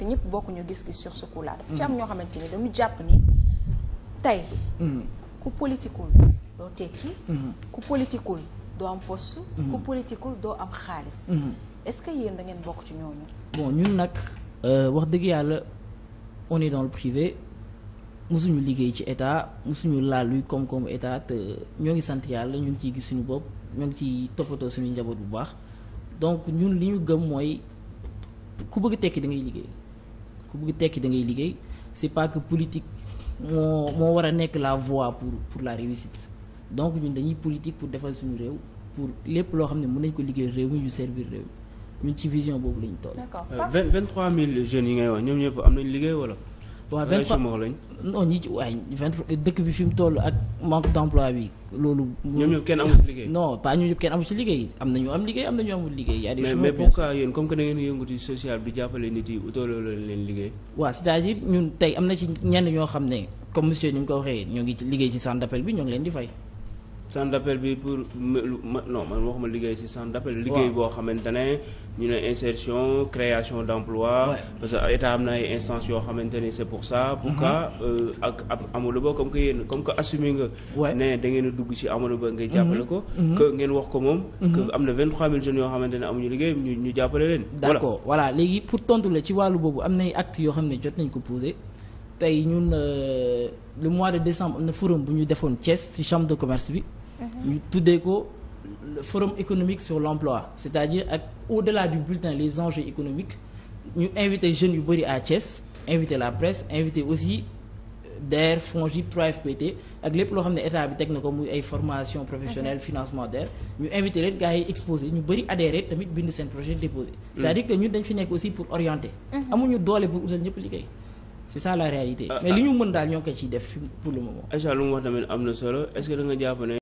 que ñëpp bokkuñu gis-gis sur ce coup là. dafa ci am mm-hmm. ñoo xamante ni dañu jàpp ni tey. Mm-hmm. ku politikul doo tekki. Mm-hmm. ku politikul doo am poste. ku politikul doo am xaalis. est-ce que yéen da ngeen bokk ci ñooñu. bon ñun nag euh, wax dëgg yàlla on est dans le privé mosuñu liggéey ci état mosuñu laal luy koom-koomu état ñoo ngi sant yàlla ñu ngi ciy gis suñu bopp ñoo ngi ciy toppatoo suñu njaboot bu baax donc ñun li ñu gëm mooy ku bëgg tekki da ngay liggéey. ku bëgg tekki dangay liggéey c'est pas que politique moo moo war a nekk la voie pour pour la réussite donc ñun dañuy politique pour defal suñu réew pour lépp loo xam ne mën nañ ko liggéey réew mi ñu servir réew mi ñun ci vision boobu la ñu toll. d'accord 23000 euh, jeunes yi ngay wax ñoom ñëpp am nañ liggéey wala. waaw vingt trois dëkk bi fi toll ak manque d'emploi bi loolu. ñoom ñëpp kenn amul liggéey. non pas ñoom ñëpp kenn amul ci liggéey am na ñu am liggéey am na ñu amul liggéey. y a des mais mais pourquoi yéen comme que da ngeen yëngatu social bi jàppale nit yi utaloo leen liggéey. waaw c'est-à-dire ñun tey am na ci ñenn ñoo xam ne comme monsieur ni mu ko waxee ñoo ngi ci liggéey ci centre d'appel bi ñoo ngi leen di fay. centre d'appel bi pour non man waxuma liggéey ci centre d'appel liggéey boo xamante ne ñu ne insertion création d'emploi parce que état am na ay instances yoo xamante ne c'est pour ça pourquoi mm-hmm. euh, ak ak Amadou Ba comme que yéen comme que assumé nga ne da dugg ci Amadou Ba ngay jàppale ko mm-hmm. Mm-hmm. que ngeen wax ko moom que am na vingt-trois mille jeunes yoo xamante ne amuñu liggéey ñu ñu jàppale leen d'accord voilà léegi pour tontu la ci wàllu boobu am nay actes yoo xam ne jot nañ ko po tey ñun euh, le mois na forum bu ñu defoon Thiès ci de commerce bi ñu tuddee ko forum économique sur l'emploi c'est-à-dire ak au-delà du bulletin les enjeux économiques ñu invité jeune yu bëri à Thiès invité la presse invité aussi euh, DER FONGIP 3FPT ak lépp loo xam ne état bi teg na ko muy ay formation professionnelle financement DER ñu invité leen gars yi exposé ñu bëri adhéré tamit bind seen projet déposé mm. c'est-à-dire que ñun dañ fi nekk aussi pour orienter mm-hmm. amuñu doole pour utal ñëpp liggéey c'est ça la réalité euh, mais euh, daal ñoo ngi ciy def pour le moment na solo